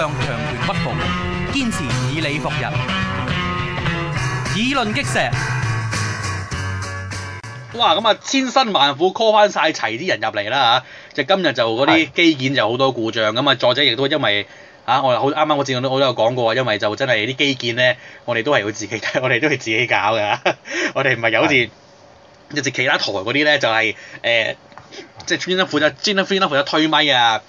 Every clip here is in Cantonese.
向強權不屈服，堅持以理服人，議論擊石。哇！咁啊，千辛萬苦 call 翻晒齊啲人入嚟啦嚇，即今日就嗰啲基建就好多故障咁啊！作者亦都因為嚇、啊，我好啱啱我之前都我都有講過因為就真係啲基建咧，我哋都係要自己，睇，我哋都係自己搞噶，我哋唔係有好似，一直其他台嗰啲咧就係、是、誒，即係專登負責就專登負責推咪啊！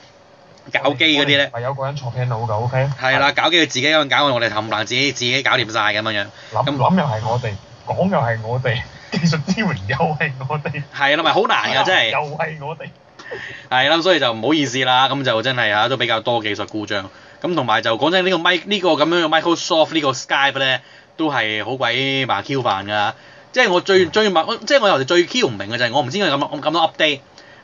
搞機嗰啲咧，係有個人坐電腦噶，OK？係啦，搞機要自己一個人搞，我哋冚唪唥自己自己搞掂曬咁樣樣。諗諗又係我哋，講又係我哋，技術支援又係我哋。係啦，咪好難㗎，真係。又係我哋。係啦，所以就唔好意思啦，咁就真係啊，都比較多技術故障。咁同埋就講真，呢個 Mic 呢個咁樣嘅 Microsoft 呢個 Skype 咧，都係好鬼麻 Q 煩㗎。即係我最最麻，即係我哋最 Q 唔明嘅就係我唔知佢咁咁多 update。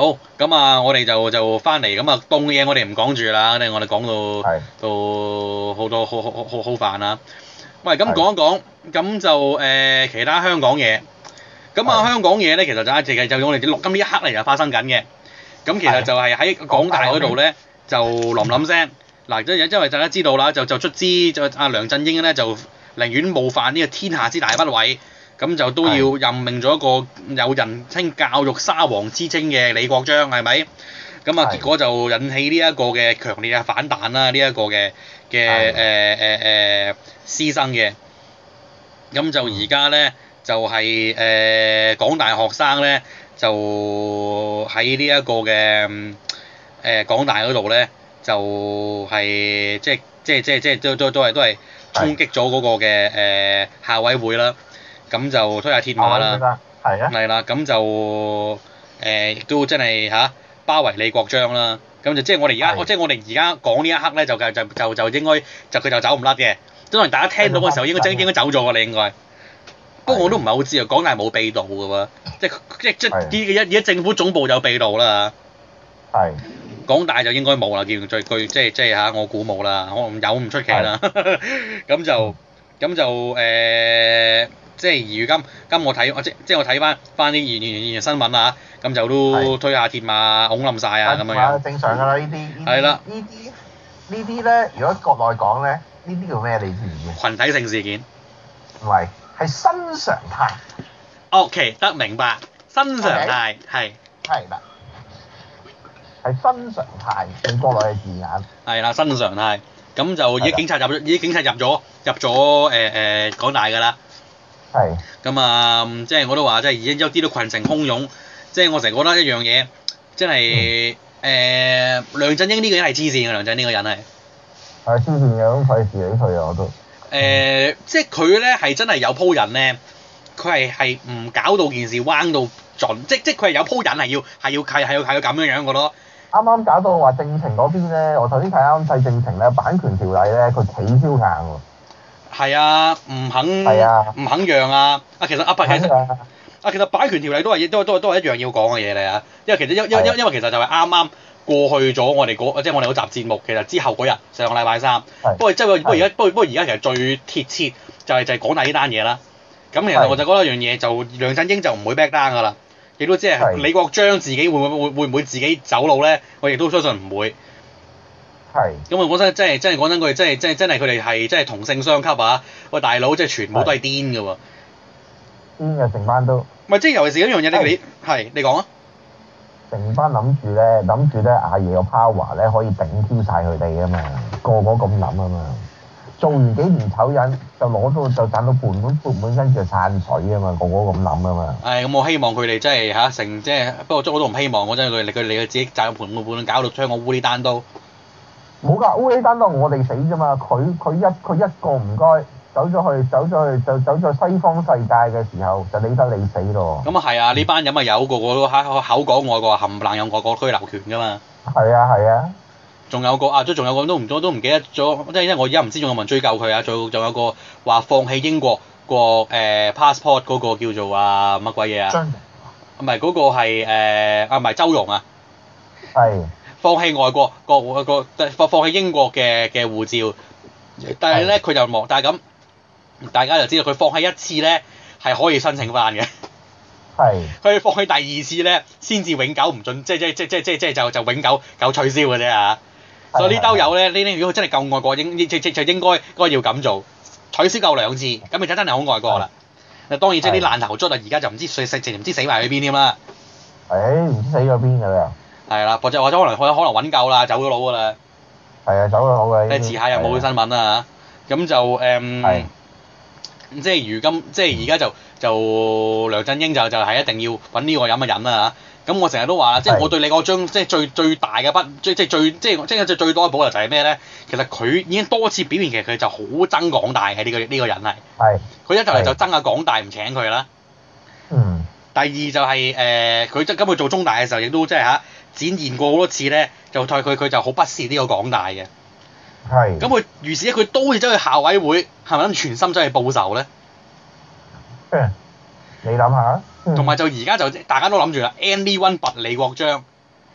好，咁啊，我哋就就翻嚟，咁啊，凍嘅嘢我哋唔講住啦，呢我哋講到到好多好好好好煩啊，咁啊咁講一講，咁就誒其他香港嘢，咁啊香港嘢咧，其實就一直係就用我哋錄今呢一刻嚟就發生緊嘅，咁其實就係喺港大嗰度咧就冧冧聲，嗱，因因為大家知道啦，就就出資就阿梁振英咧就寧願冒犯呢個天下之大不韙。咁就都要任命咗一個有人稱教育沙皇之稱嘅李國章，係咪？咁啊，結果就引起呢一個嘅強烈嘅反彈啦，這個欸欸欸、呢一個嘅嘅誒誒誒師生嘅。咁就而家咧，就係誒港大學生咧，就喺、欸、呢一個嘅誒港大嗰度咧，就係、是、即係即係即係即都都都係都係衝擊咗嗰個嘅誒校委會啦。咁就推下鐵馬啦，係啦，係啦，咁就誒亦都真係嚇包圍李國章啦，咁就即係我哋而家，即係我哋而家講呢一刻咧，就就就就應該就佢就走唔甩嘅，即係大家聽到嘅時候應該真應該走咗嘅，你應該。不過我都唔係好知啊，港大冇秘道嘅喎，即係即係即係依家依家政府總部有秘道啦嚇。係。港大就應該冇啦，最最即係即係嚇，我估冇啦，可能有唔出奇啦。咁就咁就誒。即係如今今我睇即即我睇翻翻啲現現現現新聞啊，咁就都推下帖嘛，恐冧曬啊咁樣樣正常㗎啦！呢啲係啦，呢啲呢啲咧，如果國內講咧，呢啲叫咩？你知唔知啊？羣體性事件，唔係係新常態。OK 得明白，新常態係係啦，係新常態國內嘅字眼係啦，新常態咁就而家警察入咗，而家警察入咗入咗誒誒港大㗎啦。係，咁啊、嗯，即係我都話，即係已經有啲都群情洶湧，即係我成日覺得一樣嘢，真係誒梁振英呢個人係黐線嘅，梁振英呢個人係。係黐線嘅，咁費事，己去嘅我都。誒、呃嗯，即係佢咧係真係有鋪人咧，佢係係唔搞到件事彎到盡，即即係佢係有鋪人係要係要係要係要咁樣樣嘅咯。啱啱搞到我話政情嗰邊咧，我頭先睇啱晒政情咧，版權條例咧，佢企超硬喎。係啊，唔肯唔、啊、肯讓啊！啊，其實阿啊，啊，其，實啊其實擺權條例都係都係都都一樣要講嘅嘢嚟啊！因為其實因因因因為其實就係啱啱過去咗我哋嗰即係我哋集節目，其實之後嗰日上個禮拜三、啊，不過即係、啊、不過而家不過不過而家其實最貼切就係、是、就係、是、講下呢單嘢啦。咁其實我就覺得一樣嘢，就、啊、梁振英就唔會 back down 噶啦，亦都即係李國章自己會唔會、啊、會唔會自己走路咧？我亦都相信唔會。係，咁我講真，真係真係講真，佢哋真係真係真係佢哋係真係同性相吸啊！喂，大佬，即係全部都係癲嘅喎，嗯，成班都，咪即係尤其是一樣嘢咧，你係你講啊，成班諗住咧，諗住咧，阿爺個 power 咧，可以頂挑晒佢哋啊嘛，個個咁諗啊嘛，做完幾年醜人，就攞到就賺到盤滿盤滿跟住就散水啊嘛，個個咁諗啊嘛，係咁，我希望佢哋真係吓，成即係，不過我都唔希望，我真係佢哋佢哋自己賺到盤滿盤滿搞到將我烏哩單刀。冇噶，o a 單當我哋死啫嘛，佢佢一佢一個唔該走咗去，走咗去就走咗西方世界嘅時候就理得你死咯。咁啊係啊，呢、啊、班人咪有個有個都喺口講外國冚唪唥有外國居留權噶嘛。係啊係啊，仲、啊、有個啊都仲有個都唔多都唔記得咗，即係因為我而家唔知仲有冇人追究佢啊，仲仲有個話、啊啊啊、放棄英國個誒、呃、passport 嗰個叫做啊乜鬼嘢啊？張唔係嗰個、呃、啊，唔係周融啊。係。放棄外國國個個放放棄英國嘅嘅護照，但係咧佢就忙，但係咁，大家就知道佢放棄一次咧係可以申請翻嘅，係佢放棄第二次咧先至永久唔准，即係即係即係即係即係即係就就永久夠取消嘅啫嚇。所以呢兜友咧呢啲，如果真係夠外國應應應就應該該要咁做，取消夠兩次，咁就真係好外國啦。嗱當然即係啲爛頭卒啊，而家就唔知衰死淨唔知死埋去邊添啦。誒唔知死咗邊㗎啦？係啦，或者或者可能可能揾夠啦，走咗佬㗎啦。係啊，走咗佬嘅。即係遲下又冇啲新聞啦，咁就誒，即係如今，即係而家就就梁振英就就係一定要揾呢個咁嘅人啦、啊、咁、啊、我成日都話啦，即、就、係、是、我對你講張，即係最最大嘅筆，即係最即係即係最多嘅補就係咩咧？其實佢已經多次表現，其實佢就好憎港大係呢、這個呢、這個人係。係。佢一就嚟就憎啊港大唔請佢啦。嗯。第二就係、是、誒，佢即係今個做中大嘅時候也都，亦都即係嚇。展現過好多次咧，就對佢佢就好不屑呢個港大嘅。係。咁佢如是佢都要走去校委會，係咪諗全心走去報仇咧，嗯？你諗下。同、嗯、埋就而家就大家都諗住啦，anyone 拔李國章，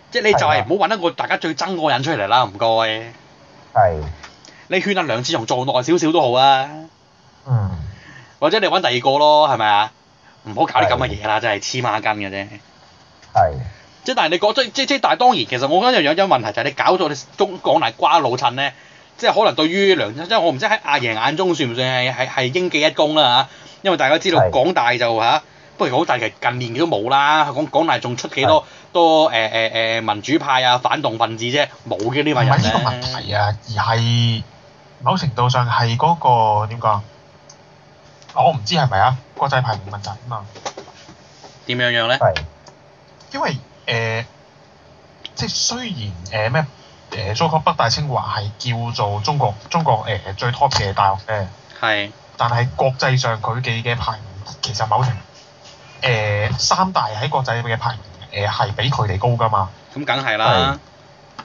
即、就、係、是、你就係唔好揾一個大家最憎個人出嚟啦，唔該。係。你勸下梁智鴻做耐少少都好啊。嗯。或者你揾第二個咯，係咪啊？唔好搞啲咁嘅嘢啦，真係黐孖筋嘅啫。係。即係，但係你講即即即，但係當然，其實我覺得有種問題就係你搞到你中港大瓜老襯咧，即係可能對於梁即即，我唔知喺阿爺眼中算唔算係係係應記一功啦嚇，因為大家知道港大就嚇，不過港大其實近年嘅都冇啦，港港大仲出幾多多誒誒誒民主派啊反動分子啫，冇嘅呢份人。唔係呢個問題啊，而係某程度上係嗰個點講？我唔知係咪啊，國際排名問題啊嘛。點樣樣咧？係。因為。誒、呃，即係雖然誒咩誒中國北大清華係叫做中國中國誒、呃、最 top 嘅大學誒，係、呃，但係國際上佢哋嘅排名其實某程度、呃、三大喺國際嘅排名誒係、呃、比佢哋高噶嘛，咁梗係啦，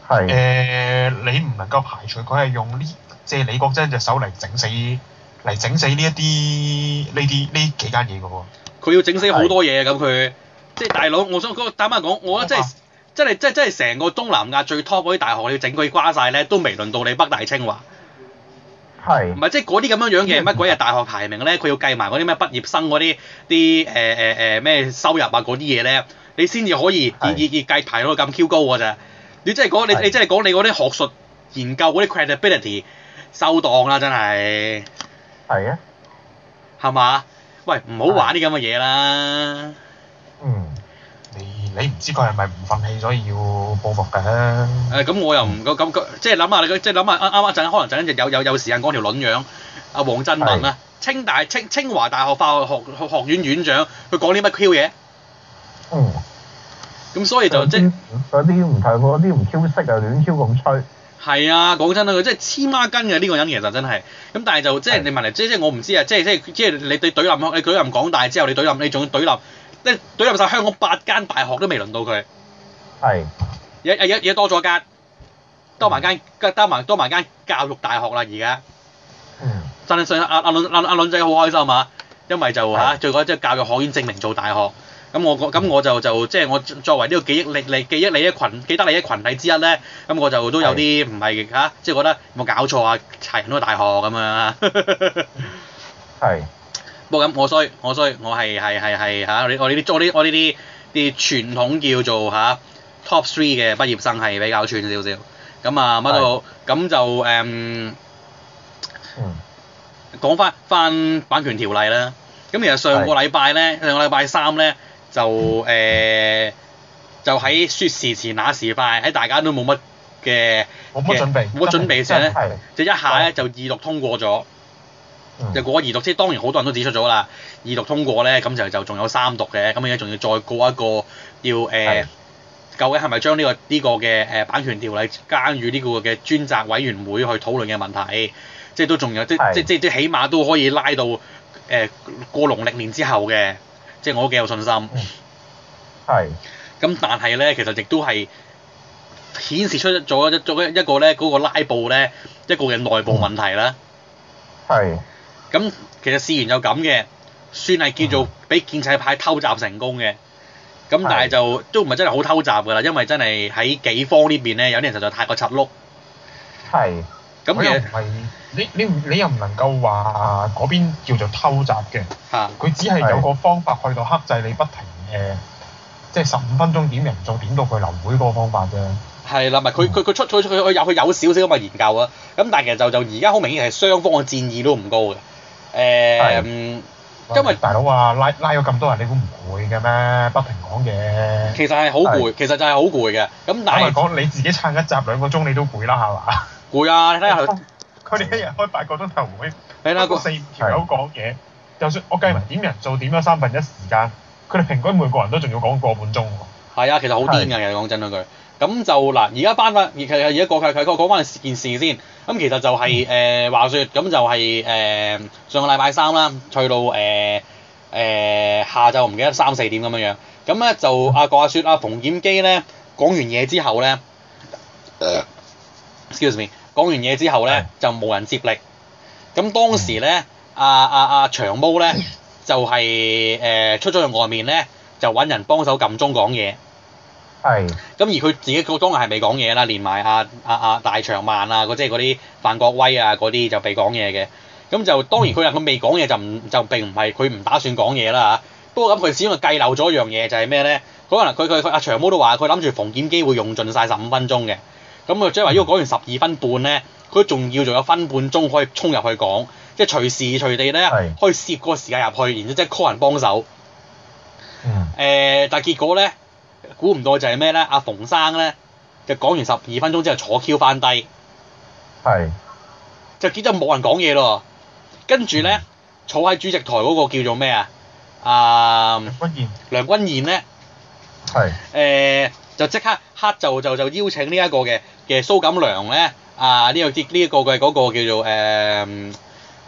係誒、呃、你唔能夠排除佢係用呢借李國章隻手嚟整死嚟整死呢一啲呢啲呢幾間嘢嘅喎，佢要整死好多嘢咁佢。即、就、係、是、即係大佬，我想嗰個打翻講，我覺得即係即係即係即係成個東南亞最 top 嗰啲大學，你要整佢瓜晒咧，都未輪到你北大清華。係。唔係即係嗰啲咁樣樣嘅乜鬼嘢大學排名咧，佢要計埋嗰啲咩畢業生嗰啲啲誒誒誒咩收入啊嗰啲嘢咧，你先至可以以而而計排到咁 Q 高㗎咋？你真係講你你真係講你嗰啲學術研究嗰啲 credibility 收檔啦，真係。係啊。係嘛？喂，唔好玩啲咁嘅嘢啦～嗯，你你唔知佢係咪唔憤氣所以要報復嘅？誒、嗯、咁我又唔夠感覺，即係諗下你，即係諗下啱啱一陣，可能就有一有有時間講條卵樣。阿王振民啊，清大清清華大學化學學學院院長，佢講啲乜 Q 嘢？咁、嗯、所以就即係嗰啲唔係嗰啲唔 Q 識啊，亂 Q 咁吹。係啊，講真啦，佢即係黐孖筋嘅呢個人，其實真係。咁但係就即係你問嚟，即係即係我唔知啊，即係即係即係你對對冧，你對冧港大之後，你對冧你仲要對冧。懟入晒香港八間大學都未輪到佢。係，而家而家而家多咗一間，多埋間，加多埋多埋間教育大學啦而家，嗯，真係想阿阿倫阿阿倫仔好開心嘛、啊，因為就嚇最緊要即係教育學院證明做大學，咁我咁我就就即、是、係我作為呢個記憶力、記憶力嘅群記憶力嘅羣體之一咧，咁我就都有啲唔係嚇，即係、啊就是、覺得有冇搞錯啊？齊揾個大學咁樣啊，係。 冇咁我衰我衰我係，係，係，係，吓，我呢啲我呢啲，我呢啲啲傳統叫做吓、啊、top three 嘅畢業生係比較串少少咁啊乜都好，咁就誒講翻翻版權條例啦咁其實上個禮拜咧上個禮拜三咧就誒，就喺說、嗯呃、時遲那時快喺大家都冇乜嘅冇乜準備，冇乜準備嘅時候咧就一下咧就二讀通過咗。就、嗯、過咗二讀，即係當然好多人都指出咗啦。二讀通過咧，咁就就仲有三讀嘅，咁而家仲要再過一個，要誒，呃、究竟係咪將呢、呢個呢、呢個嘅誒版權條例交予呢個嘅專責委員會去討論嘅問題？即係都仲有，即即即即起碼都可以拉到誒、呃、過農曆年之後嘅，即係我都幾有信心。係。咁但係咧，其實亦都係顯示出咗一一一個咧嗰個拉布咧，一個嘅內部問題啦。係、嗯。咁其實事緣就咁嘅，算係叫做俾建制派偷襲成功嘅。咁、嗯、但係就係都唔係真係好偷襲㗎啦，因為真係喺己方邊呢邊咧，有啲人實在太過插碌。係。咁又你你你又唔能夠話嗰邊叫做偷襲嘅。嚇、啊。佢只係有個方法去到克制你不停誒，即係十五分鐘點人再點到佢留會嗰個方法啫。係啦，唔係佢佢佢出佢佢佢有佢有少少咁嘅研究啊。咁但係其實就就而家好明顯係雙方嘅戰意都唔高嘅。誒，因為大佬話拉拉咗咁多人，你估唔攰嘅咩？不停講嘢，其實係好攰，其實就係好攰嘅。咁但係講你自己撐一集兩個鐘，你都攰啦，係嘛？攰啊！你睇下佢，佢哋一日開八個鐘頭，喺喺嗰四五條友講嘢。就算我計埋點人做點，三分一時間，佢哋平均每個人都仲要講個半鐘喎。係啊，其實好癲嘅，講真嗰句。咁就嗱，而家翻翻而其實而家過去契哥講翻件事先。咁其實就係、是、誒、呃、話説，咁、嗯、就係、是、誒、呃、上個禮拜三啦，去到誒誒、呃呃、下晝唔記得三四點咁樣樣。咁咧、嗯、就阿、呃、郭阿雪、阿馮檢基咧講完嘢之後咧、uh.，excuse me，講完嘢之後咧就冇人接力。咁、嗯、當時咧，阿阿阿長毛咧就係、是、誒、呃、出咗去了外面咧，就揾人幫手撳鐘講嘢。咁而佢自己個當日係未講嘢啦，連埋阿、啊啊啊、大長萬啊，即嗰啲范國威啊嗰啲就被講嘢嘅，咁就當然佢、嗯、話佢未講嘢就唔就並唔係佢唔打算講嘢啦嚇，不過咁佢始終係計漏咗一樣嘢就係咩咧？佢可能佢佢阿長毛都話佢諗住逢檢機會用盡晒十五分鐘嘅。咁啊即係話如果講完十二分半咧，佢仲要仲有分半鐘可以衝入去講，即係隨時隨地咧可以攝個時間入去，然之後即係 call 人幫手、嗯呃。但係結果咧？估唔到就係咩咧？阿馮生咧就講完十二分鐘之後坐 Q 翻低，係就結咗冇人講嘢咯。跟住咧坐喺主席台嗰個叫做咩啊？啊梁君彥咧，係誒、呃、就即刻刻就，就就就邀請呢一個嘅嘅蘇錦樑咧啊！呢、呃、呢個呢呢一個嘅嗰個叫做誒誒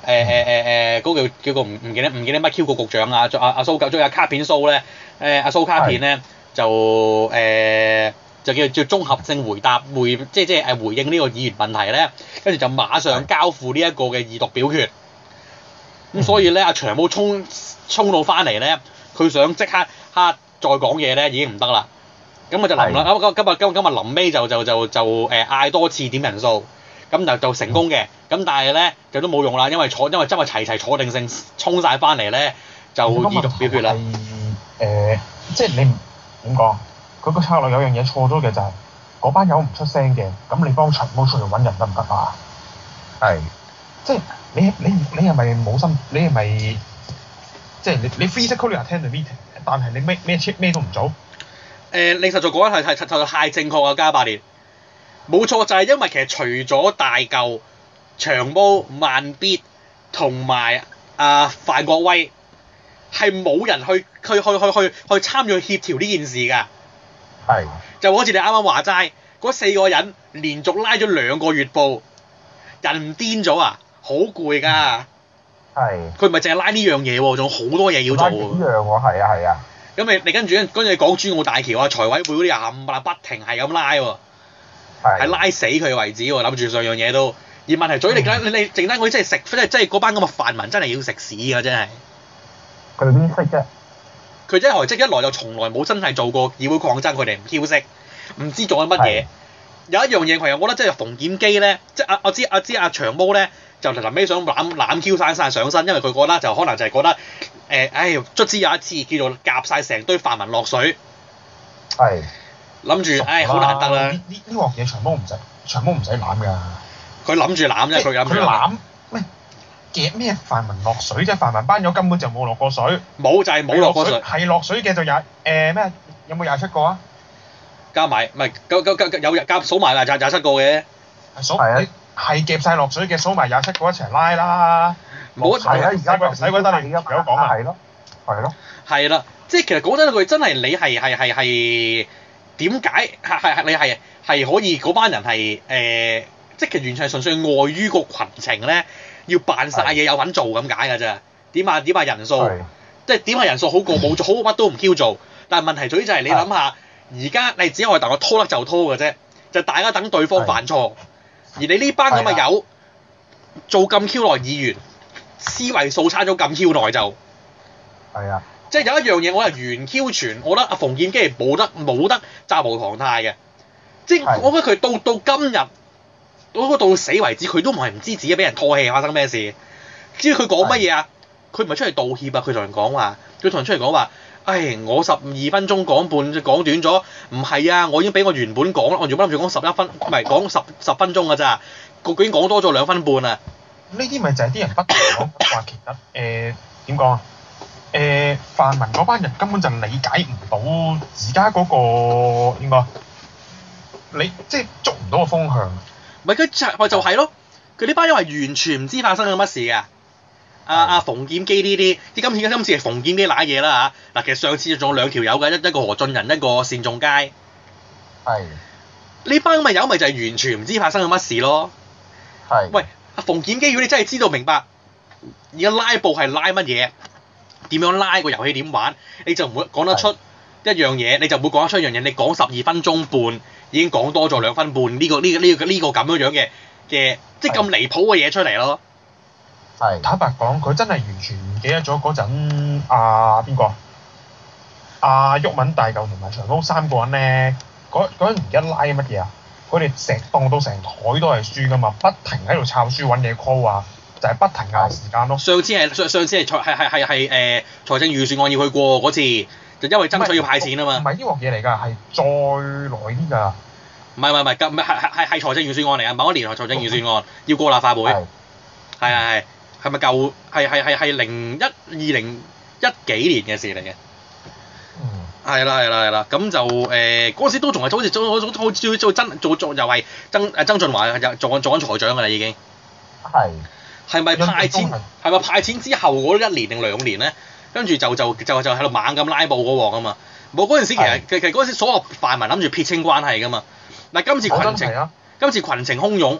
誒誒誒嗰個叫做唔唔記得唔記得乜 Q 局局長啊，啊，啊，啊？阿阿蘇局仲有卡片蘇咧？誒阿蘇卡片咧。就誒、呃、就叫叫綜合性回答回即即係誒回應呢個議員問題咧，跟住就馬上交付呢一個嘅二讀表決。咁、嗯、所以咧，阿長毛衝衝到翻嚟咧，佢想即刻哈再講嘢咧，已經唔得啦。咁我就臨啦，咁咁今日今今日臨尾就就就就誒嗌多次點人數，咁就就成功嘅。咁、嗯、但係咧，就都冇用啦，因為坐因為真係齊齊坐定性衝晒翻嚟咧，就二讀表決啦。誒、那個呃，即係你。點講？佢、那個策略有樣嘢錯咗嘅就係、是、嗰班友唔出聲嘅，咁你幫長毛出嚟揾人得唔得啊？係，即係你你你係咪冇心？你係咪即係你你 physically 聽到 meeting，但係你咩咩 check 咩都唔做？誒、呃，你實在講係係係太正確啊！加百列，冇錯就係、是、因為其實除咗大嚿長毛慢必同埋阿范國威，係冇人去去去去去，去，去，去參與協調呢件事㗎，係就好似你啱啱話齋，嗰四個人連續拉咗兩個月報，人唔癲咗啊？好攰㗎，係佢咪淨係拉呢樣嘢喎？仲有好多嘢要做喎，拉幾樣喎，係啊係啊，咁你你跟住跟住講珠澳大橋啊財委會嗰啲人啊不停係咁拉喎，係拉死佢為止喎，諗住上樣嘢都，而問題在你你剩的你淨係真係食即係嗰班咁嘅泛民真係要食屎㗎真係。佢一開即一來就從來冇真係做過議會抗爭，佢哋唔挑色，唔知做緊乜嘢。有一樣嘢，佢又我覺得即係馮檢基咧，即係、啊、阿我知阿知阿、啊、長毛咧，就臨尾想攬攬 Q 晒曬上身，因為佢覺得就可能就係覺得誒，唉、欸，卒之有一次叫做夾晒成堆泛民落水，係諗住唉，好、啊哎、難得啦。呢呢呢嘢長毛唔使長毛唔使攬㗎，佢諗住攬即係佢咁樣。夾咩泛民落水啫？泛民班友根本就冇落過水，冇就係冇落過水。係落水嘅就廿誒咩？有冇廿七個啊？加埋唔係九九九有廿加數埋啊，廿廿七個嘅。係數你係夾晒落水嘅，數埋廿七個一齊拉啦。冇睇而家佢唔使鬼得你一講咪係咯，係咯。係啦，即係其實講真，佢真係你係係係係點解係係你係係可以嗰班人係誒？即係完全係純粹礙於個群情咧，要扮晒嘢有份做咁解㗎啫。點下點下人數，即係點下人數好過冇做，好 乜都唔 Q 做。但係問題主要就係你諗下，而家你只係我哋，我拖甩就拖㗎啫，就大家等對方犯錯。而你呢班咁嘅友做咁 Q 耐，議員思維素差咗咁 Q 耐就係啊，即係有一樣嘢我係完 Q 全，我覺得阿馮建基冇得冇得責無旁貸嘅，即係我覺得佢到到今日，到到死為止，佢都唔係唔知自己俾人唾棄發生咩事。至於佢講乜嘢啊？佢唔係出嚟道歉啊！佢同人講話，佢同人出嚟講話。唉，我十二分鐘講半，講短咗。唔係啊，我已經俾我原本講啦。我原本諗住講十一分，唔係講十十分鐘㗎咋。佢居然講多咗兩分半啊！呢啲咪就係啲人不斷講話， 其實誒點講啊？誒、呃呃，泛民嗰班人根本就理解唔、那個就是、到而家嗰個點你即係捉唔到個風向。咪佢就係就咯，佢呢班因為完全唔知發生咗乜事嘅、啊。阿阿馮檢基呢啲啲今次嘅今次係馮檢基揦嘢啦嚇。嗱，其實上次仲有兩條友嘅，一一個何俊仁一個單仲偕。係。呢班咪友咪就係完全唔知發生咗乜事咯。係。喂，阿馮檢基，如果你真係知道明白而家拉布係拉乜嘢，點樣拉個遊戲點玩，你就唔會講得，得出一樣嘢，你就唔會講得出一樣嘢。你講十二分鐘半。已經講多咗兩分半，呢個呢個呢個呢個咁樣樣嘅嘅，即係咁離譜嘅嘢出嚟咯的。係坦白講，佢真係完全唔記得咗嗰陣啊，邊個啊毓民大嚿同埋長毛三個人咧，嗰嗰陣而家拉乜嘢啊？佢哋成當到成枱都係書㗎嘛，不停喺度抄書揾嘢 call 啊，就係、是、不停嘅時間咯上。上次係上上次係財係係係係誒財政預算案要去過嗰次。就因為爭取要派錢啊嘛，唔係唔係，唔係呢樣嘢嚟㗎，係再耐啲㗎。唔係唔係唔係，咁唔係係係係財政預算案嚟啊！某一年度財政預算案要過立法會，係係係，係咪舊係係係係零一二零一幾年嘅事嚟嘅？嗯係。係啦係啦係啦，咁就誒嗰、呃、時都仲係好似做做做做做真做做又係曾誒曾俊華又做做緊財長㗎啦已經。係。係咪派錢？係咪派錢之後嗰一年定兩年咧？跟住就就就就喺度猛咁拉布嗰鑊啊嘛！冇嗰陣時其實其實嗰陣時所有泛民諗住撇清關係噶嘛。嗱，今次群情、啊、今次群情洶湧，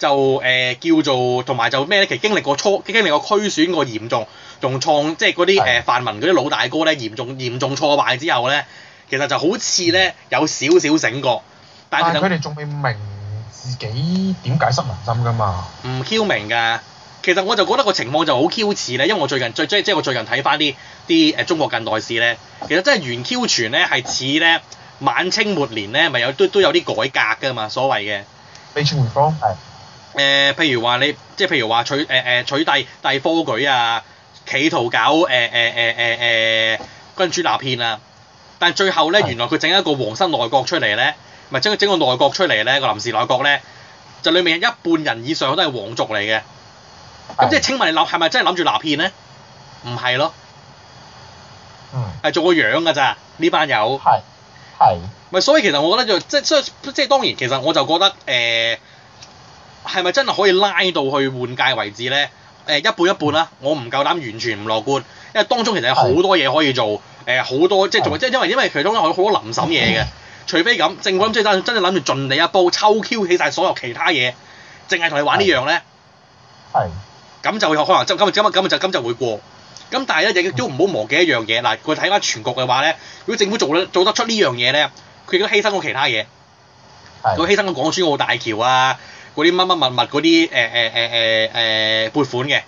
就誒、呃、叫做同埋就咩咧？其實經歷過初經歷過區選個嚴重，重創即係嗰啲誒泛民嗰啲老大哥咧嚴重嚴重挫敗之後咧，其實就好似咧有少少醒覺，但係其實佢哋仲未明自己點解失民心噶嘛？唔 Q 明㗎。其實我就覺得個情況就好 Q 似咧，因為我最近最即係即係我最近睇翻啲啲誒中國近代史咧，其實真係完 Q 全咧係似咧晚清末年咧，咪有都都有啲改革㗎嘛，所謂嘅俾清回饋，譬如話你即係譬如話取誒誒、呃、取締締科舉啊，企圖搞誒誒誒誒誒君主立憲啊，但係最後咧原來佢整一個皇室內閣出嚟咧，咪整整個內閣出嚟咧個臨時內閣咧，就裡面一半人以上都係皇族嚟嘅。咁即係請問你諗係咪真係諗住拿片咧？唔係咯，係、嗯、做個樣㗎咋呢班友。係。係。咪所以其實我覺得就即係所以即，即，即，即當然其實我就覺得係咪、呃、真係可以拉到去換屆為止咧？一半一半啦、啊，我唔夠膽完全唔樂觀，因為當中其實好多嘢可以做，好、呃、多即係做即因為因為其中有好多臨審嘢嘅，除非咁政府咁即係真係諗住盡地一鋪抽 Q 起晒所有其他嘢，淨係同你玩呢樣咧。係。咁就會可能，咁咁咁咁就咁就會過。咁但係咧，亦都唔好忘記一樣嘢。嗱，佢睇翻全局嘅話咧，如果政府做得做得出呢樣嘢咧，佢都犧牲咗其他嘢。係。佢犧牲咗港珠澳大橋啊，嗰啲乜乜物物嗰啲誒誒誒誒誒撥款嘅。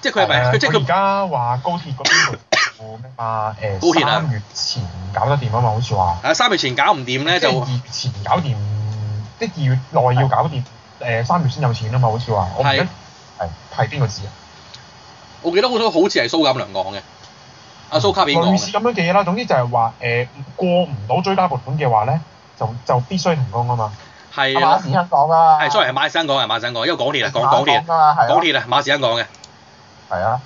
即係佢咪？即係佢而家話高鐵嗰邊撥咩嘛？誒三月前搞得掂啊嘛，好似話。係啊，三月前搞唔掂咧就。即係二月前搞掂，啲二月內要搞掂，誒三月先有錢啊嘛，好似話。係。係係邊個講啊？我記得好多好似係蘇錦良講嘅，阿、嗯啊、蘇卡變講嘅類似咁樣嘅嘢啦。總之就係話誒過唔到追加撥款嘅話咧，就就必須停工啊嘛。係、啊啊、馬時亨講啊嘛。係蘇係馬時亨講係馬時亨講，因為港鐵啊港港鐵，港鐵，港鐵是啊，鐵馬時亨講嘅係啊。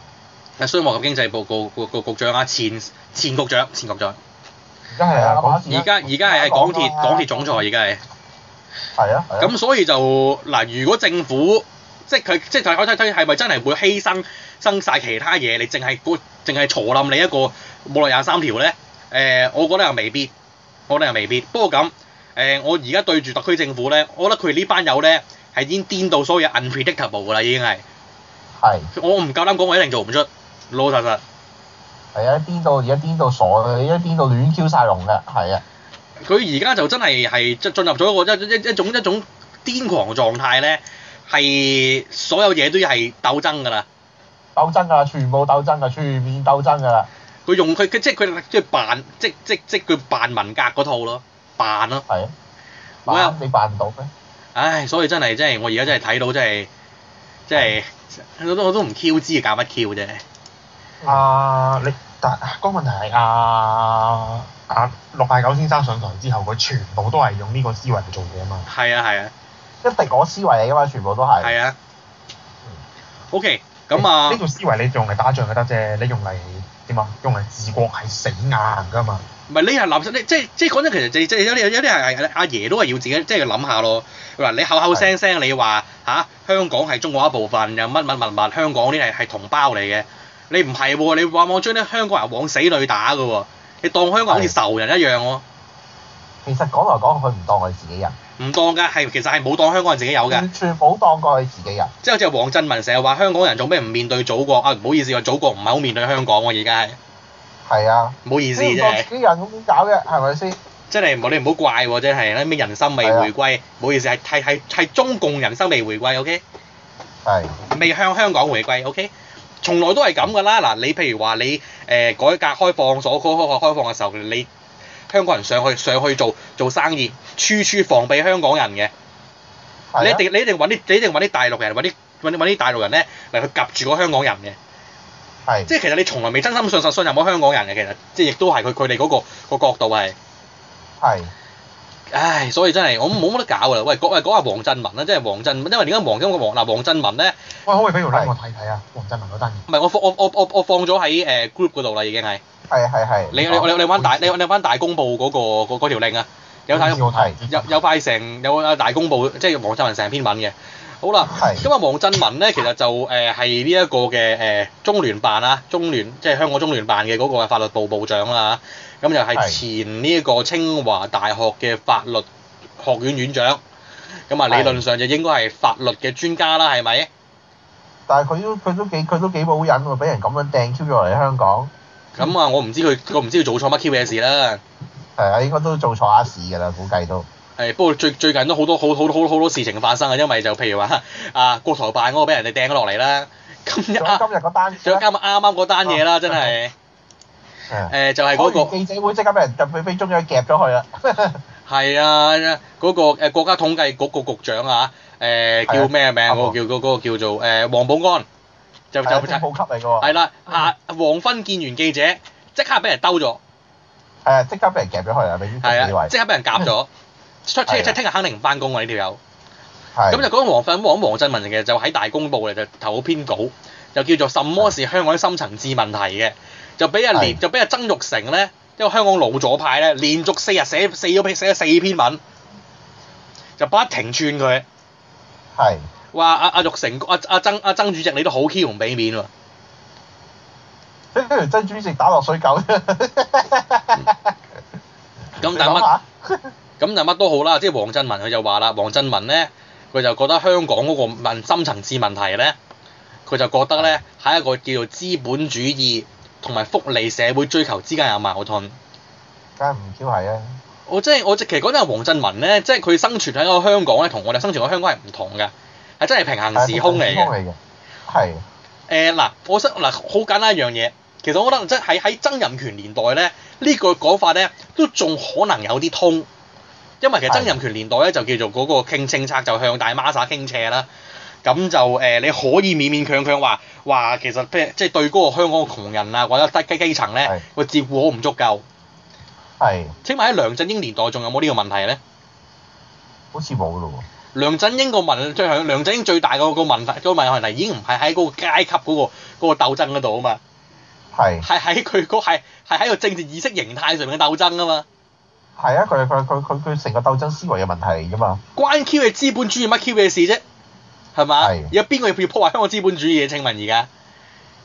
阿商務及經濟報告局局長阿前前局長前局長。而家係啊，而家而家係係港鐵，港鐵，港，鐵、啊、港鐵總裁是，而家係係啊。咁、啊、所以就嗱，如果政府即係佢，即係睇我睇睇係咪真係會犧牲，生晒其他嘢，你淨係個淨係坐冧你一個冇落廿三條咧？誒、呃，我覺得又未必，我覺得又未必。不過咁誒、呃，我而家對住特區政府咧，我覺得佢呢班友咧係已經顛到所有嘢 unpredictable 㗎啦，已經係。係。我唔夠膽講，我一定做唔出。老實實。係啊，顛到而家顛到傻嘅，而家顛到亂 Q 晒龍嘅，係啊。佢而家就真係係進入咗一個一一一種一種顛狂嘅狀態咧。係所有嘢都係鬥爭㗎啦，鬥爭㗎，全部鬥爭㗎，全面鬥爭㗎啦。佢用佢佢即係佢即係扮即即即佢扮文革嗰套咯，扮咯。係啊。你扮唔到咩？唉，所以真係真係我而家真係睇到真係，真係我都我都唔 Q 知啊，搞乜 Q 啫？啊，你但個問題係啊，阿六百九先生上台之後，佢全部都係用呢個思維去做嘢啊嘛。係啊係啊。一定講思維嚟噶嘛，全部都係。係啊。O K，咁啊，呢、欸、套思維你用嚟打仗就得啫，你用嚟點啊？用嚟治國係死硬噶嘛。唔係，你係諗出，即係即係講真，其實即係有啲有啲係阿爺都係要自己即係諗下咯。嗱、啊，你口口聲聲你話吓、啊，香港係中國一部分，又乜乜物物香港啲係係同胞嚟嘅，你唔係喎，你往往將啲香港人往死裏打噶喎、啊，你當香港好似仇人一樣喎、啊。其實講來講去，佢唔當佢自己人。唔當㗎，係其實係冇當香港人自己有㗎，完全冇當過係自己人。即係好似王振民成日話香港人做咩唔面對祖國啊？唔好意思，個祖國唔係好面對香港喎，而家係。係啊。唔好意思，真係。自己人咁點搞嘅？係咪先？真係唔好，你唔好怪喎！真係啲咩人心未回歸，唔好意思係係係係中共人心未回歸，OK？係。未向香港回歸，OK？從來都係咁㗎啦！嗱，你譬如話你誒改革開放、所開放開放嘅時候，你香港人上去上去做做生意。處處防備香港人嘅、啊，你一定揾你一定揾啲你一定揾啲大陸人揾啲揾啲大陸人咧嚟去夾住個香港人嘅，係即係其實你從來未真心信實信任過香港人嘅，其實即係亦都係佢佢哋嗰個角度係係，唉，所以真係我冇乜得搞啦。喂，喂講下王振民啦，即係王振民，因為點解王因為王嗱王振民咧，喂，可唔可以俾條 link 我睇睇啊？王振民嗰單嘢，唔係我放我我我我放咗喺誒 group 嗰度啦，已經係係係係，你、啊、你你揾大你揾大你你揾大公報嗰、嗰個嗰條 link 啊！有睇，有成有塊成有阿大公報，即係王振民成篇文嘅。好啦，咁啊，王振民咧，其實就誒係呢一個嘅誒中聯辦啦，中聯即係香港中聯辦嘅嗰個法律部部長啦。咁又係前呢一個清華大學嘅法律學院院長。咁啊，理論上就應該係法律嘅專家啦，係咪？但係佢都佢都幾佢都幾冇癮喎，俾人咁樣掟出咗嚟香港。咁啊，我唔知佢我唔知佢做錯乜 Q 嘢事啦。係啊，應該都做錯下事㗎啦，估計都。係，不過最最近都好多好好好好多事情發生啊，因為就譬如話啊，國台辦嗰個俾人哋掟咗落嚟啦。今日今日個單，最啱啱啱嗰單嘢啦、啊，真係。誒、啊啊，就係、是、嗰、那個記者會即刻俾人入去飛中央夾咗佢啦。係 啊，嗰、那個誒國家統計局局,局,局長啊，誒叫咩名？嗰、那個叫嗰、啊那個叫,那個、叫做誒王、啊、保安，就就副部級嚟㗎喎。係啦、啊，啊黃昏見完記者即刻俾人兜咗。誒、啊、即刻俾人夾咗，可能係你已即刻俾人夾咗。出即即聽日肯定唔翻工喎呢條友。係、啊。咁、啊、就講黃粉，講王振民嘅，就喺大公報嚟就投篇稿，就叫做什麼是香港深層次問題嘅、啊，就俾人連，就俾阿、啊、曾鈺成咧，一個香港老左派咧，連續四日寫四篇寫咗四篇文，就不停串佢。係、啊。話阿阿鈺成，阿、啊、阿曾阿、啊、曾主席，你都好唔俾面喎。 真專一，食打落水狗 嗯，咁但乜咁但乜都好啦，即係王振民佢就話啦，王振民咧佢就覺得香港嗰個問深層次問題咧，佢就覺得咧係一個叫做資本主義同埋福利社會追求之間有矛盾，梗係唔知係啦。我即係我其實講真，王振民咧，即係佢生存喺個香港咧，同我哋生存喺香港係唔同嘅，係真係平行時空嚟嘅。係誒嗱，我識嗱好簡單一樣嘢。其實我覺得即喺喺曾蔭權年代咧，這個、法呢個講法咧都仲可能有啲通，因為其實曾蔭權年代咧就叫做嗰個傾政策就向大孖沙傾斜啦，咁就誒、呃、你可以勉勉強強話話其實即係、就是、對嗰個香港嘅窮人啊或者基基層咧會照顧好唔足夠，係。請問喺梁振英年代仲有冇呢個問題咧？好似冇咯喎。梁振英個問即係梁振英最大個個問題，個問題已經唔係喺嗰個階級嗰、那個嗰鬥、那個、爭嗰度啊嘛。係係喺佢個係係喺個政治意識形態上面嘅鬥爭啊嘛。係啊，佢佢佢佢佢成個鬥爭思維有問題嚟噶嘛。關 Q 嘅資本主義乜 Q 嘅事啫，係嘛？有邊個要破壞香港資本主義嘅？請問而家？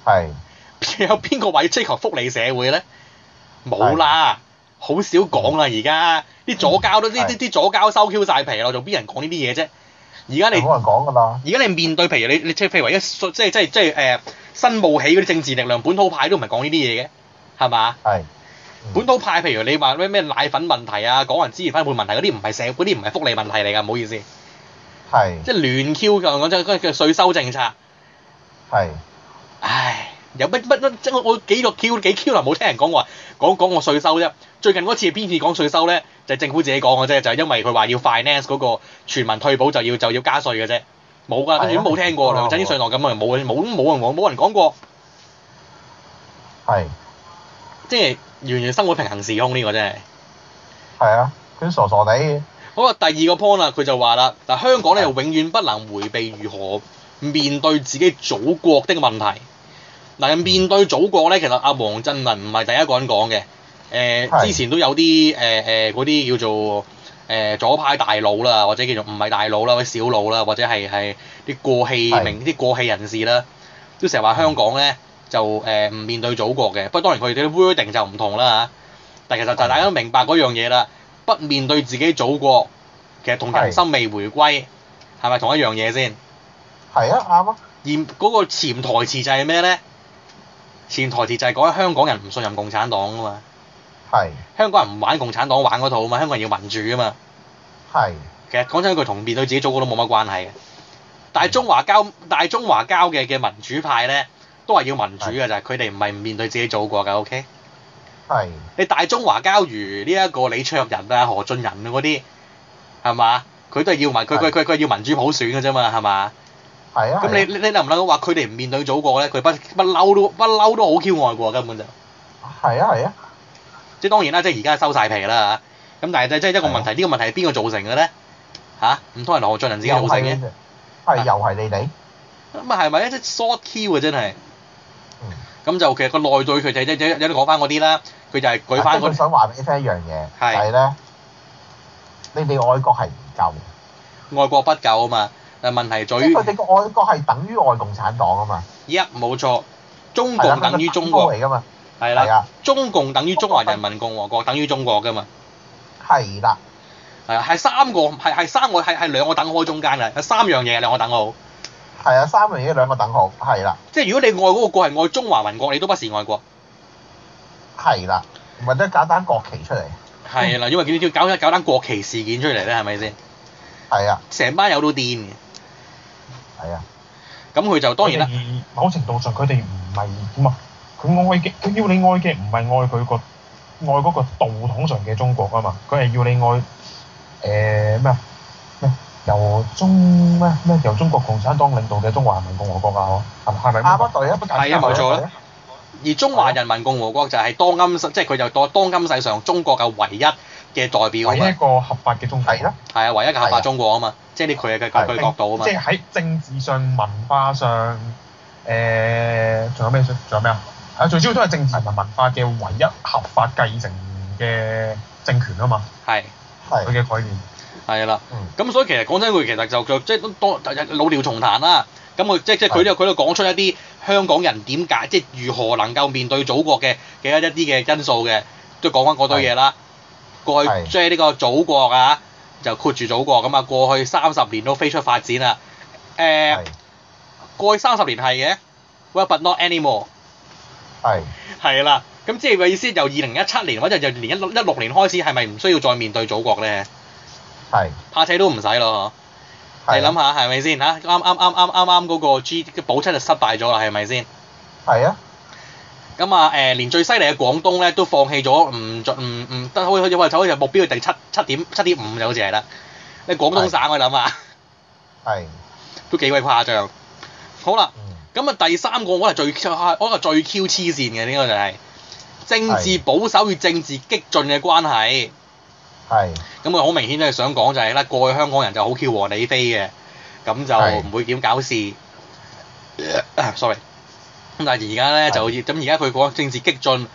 係。有邊個話要追求福利社會咧？冇啦，好少講啦而家。啲左膠都啲啲啲左膠收 Q 晒皮啦，仲邊人講呢啲嘢啫？而家你。冇人講㗎嘛。而家你面對譬如你你譬如話一即係即係即係誒。呃新冒起嗰啲政治力量，本土派都唔係講呢啲嘢嘅，係嘛？係。嗯、本土派譬如你話咩咩奶粉問題啊，講人支持翻半港人支援分配問題嗰啲唔係社會，嗰啲唔係福利問題嚟㗎，唔好意思。係。即係亂 Q 㗎，我真係嗰個叫稅收政策。係。唉，有乜乜乜？即係我我幾個 Q 幾 Q 冇聽人講話講講個稅收啫。最近嗰次邊次講稅收咧，就係、是、政府自己講嘅啫，就係、是、因為佢話要 Finance 嗰個全民退保就要就要加稅嘅啫。冇噶，跟住都冇聽過梁振英上台咁啊，冇冇冇人講，冇人講過。係。即係完全生活平衡時空呢、這個真係。係啊。佢傻傻地。好啊，第二個 point 啦，佢就話啦，嗱香港咧永遠不能迴避如何面對自己祖國的問題。嗱，面對祖國咧、嗯，其實阿、啊、王振民唔係第一個人講嘅。誒、呃，之前都有啲誒誒嗰啲叫做。誒左派大佬啦，或者叫做唔係大佬啦，或者小佬啦，或者係係啲過氣名啲過氣人士啦，都成日話香港咧就誒唔面對祖國嘅，不過當然佢哋啲 wording 就唔同啦嚇，但其實就大家都明白嗰樣嘢啦，不面對自己祖國，其實同人心未迴歸係咪同一樣嘢先？係啊，啱啊。而嗰個潛台詞就係咩咧？潛台詞就係講香港人唔信任共產黨噶嘛。係香港人唔玩共產黨玩嗰套啊嘛，香港人要民主啊嘛。係。其實講真一句，同面對自己祖國都冇乜關係嘅。但係中華交、大中華交嘅嘅民主派咧，都係要民主嘅就係佢哋唔係唔面對自己祖國嘅，OK？係。你大中華交如呢一個李卓人啊、何俊仁嗰啲，係嘛？佢都係要民，佢佢佢佢要民主普選嘅啫嘛，係嘛？係啊。咁你你能唔能夠話佢哋唔面對祖國咧？佢不不嬲都不嬲都好 Q 外國啊，根本就。係啊！係啊！即係當然啦，即係而家收曬皮啦嚇。咁但係咧，即係一個問題，呢個問題係邊個造成嘅咧？嚇，唔通係羅俊仁自己造成嘅？係又係你哋。咁啊係咪啊？啲 soft kill 啊真係。嗯。咁就其實個內在佢就即係有啲講翻嗰啲啦。佢就係舉翻嗰。即係佢想話俾你聽一樣嘢，就係咧。你哋愛國係唔夠。愛國不夠啊嘛！但係問題在於。即係佢哋個愛國係等於愛共產黨啊嘛。一冇錯，中共等於中國嚟噶嘛。係啦，中共等於中華人民共和國等於中國噶嘛？係啦，係啊，係三個，係係三個，係係兩個等號中間嘅，有三樣嘢，兩個等號。係啊，三樣嘢兩個等號。係啦，即係如果你愛嗰個國係愛中華民國，你都不是愛國。係啦，唔係都搞單國旗出嚟。係啦，因為佢要搞，搞一搞單國旗事件出嚟咧，係咪先？係啊，成班友都癲嘅，係啊，咁佢就當然啦。某程度上，佢哋唔係啊？佢愛嘅，佢要你愛嘅唔係愛佢個愛嗰個道統上嘅中國啊嘛，佢係要你愛誒咩啊？咩由中咩咩由中國共產黨領導嘅中華人民共和國啊，可係咪？下一代啊，係啊，冇錯啦。而中華人民共和國就係當今世，即係佢就當當今世上中國嘅唯一嘅代表啊嘛。唯一一個合法嘅中國。係啦。係啊，唯一嘅合法中國啊嘛，即係呢佢嘅具體角度啊嘛。即係喺政治上、文化上，誒，仲有咩？仲有咩啊？係，最主要都係政治同文化嘅唯一合法繼承嘅政權啊嘛，係係佢嘅概念係啦，嗯咁所以其實講真句，其實就就即係都多老調重彈啦。咁我即係即係佢呢個，佢都講出一啲香港人點解即係如何能夠面對祖國嘅嘅一啲嘅因素嘅，都講翻嗰堆嘢啦。過去即係呢個祖國啊，就括住祖國咁啊，過去三十年都飛速發展啦。誒，過去三十年係嘅，well but not anymore。係係啦，咁即係嘅意思，由二零一七年或者就連一六一六年開始，係咪唔需要再面對祖國咧？係怕車都唔使咯，你諗下係咪先嚇？啱啱啱啱啱啱嗰個 G 補出就失敗咗啦，係咪先？係啊。咁啊誒，連最犀利嘅廣東咧都放棄咗，唔進唔唔，好似好似話走咗，目標第七七點七點五就好似係啦。你廣東省我諗下，係都幾鬼誇張。好啦。咁啊，第三個是我係最 Q，我係最 Q 黐線嘅呢個就係政治保守與政治激進嘅關係。係。咁啊，好明顯咧，佢想講就係咧，過去香港人就好 Q 和理非嘅，咁就唔會點搞事。sorry。咁但係而家咧就，好似咁而家佢講政治激進，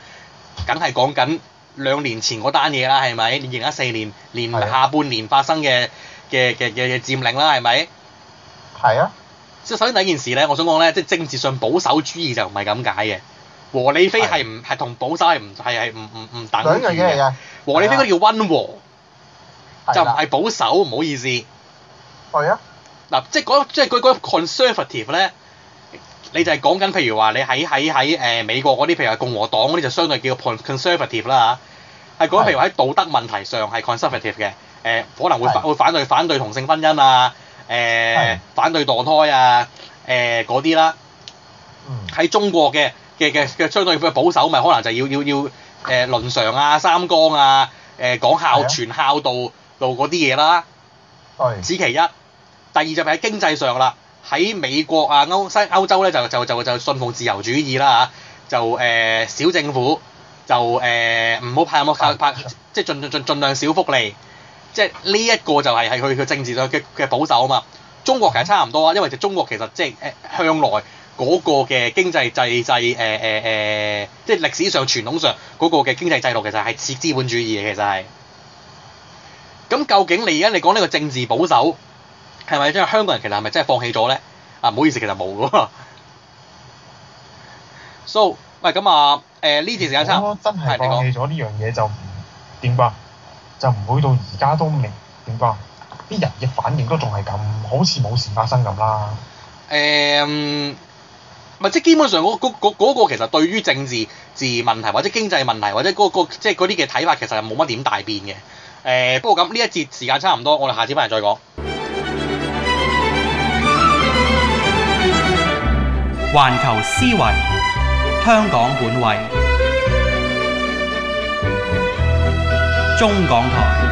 梗係講緊兩年前嗰單嘢啦，係咪？二零一四年，年下半年發生嘅嘅嘅嘅嘅佔領啦，係咪？係啊。首先第一件事咧，我想講咧，即政治上保守主義就唔係咁解嘅。和理非係唔係同保守係唔係係唔唔唔等兩樣嘢嚟嘅。和理非都叫溫和，是啊、就唔係保守。唔、啊、好意思。係啊。嗱，即嗰即嗰嗰 conservative 咧，你就係講緊譬如話你喺喺喺誒美國嗰啲，譬如話共和黨嗰啲就相對叫 conservative 啦嚇。係講譬如喺道德問題上係 conservative 嘅，誒、啊、可能會反反對、啊、反對同性婚姻啊。呃、反對墮胎啊！誒嗰啲啦，喺、嗯、中國嘅嘅嘅嘅相對保守咪可能就要要要誒倫、呃、常啊、三綱啊、誒講孝傳孝道道嗰啲嘢啦，係。此其一，第二就係喺經濟上啦，喺美國啊、歐西歐，歐洲咧就就就就，就，就信奉自由主義啦嚇、啊，就誒小、呃、政府就，就誒唔好派唔好靠派，即盡盡盡盡量少福利。即係呢一個就係係佢嘅政治上嘅嘅保守啊嘛，中國其實差唔多啊，因為就中國其實即係誒向內向來嗰個嘅經濟制制誒誒誒，即係歷史上傳統上嗰個嘅經濟制度其實係資資本主義嘅，其實係。咁究竟你而家你講呢個政治保守係咪即係香港人其實係咪真係放棄咗咧？啊唔好意思，其實冇㗎。So 喂，咁啊誒呢段時間差，係你講真係放棄咗呢樣嘢就點辦？就唔會到而家都明點講，啲人嘅反應都仲係咁，好似冇事發生咁啦。誒、嗯，咪即係基本上嗰、嗰個嗰個其實對於政治事問題或者經濟問題或者嗰、嗰個即係啲嘅睇法其實係冇乜點大變嘅。誒、嗯，不過咁呢一節時間差唔多，我哋下次翻嚟再講。環球思維，香港本位。中港台。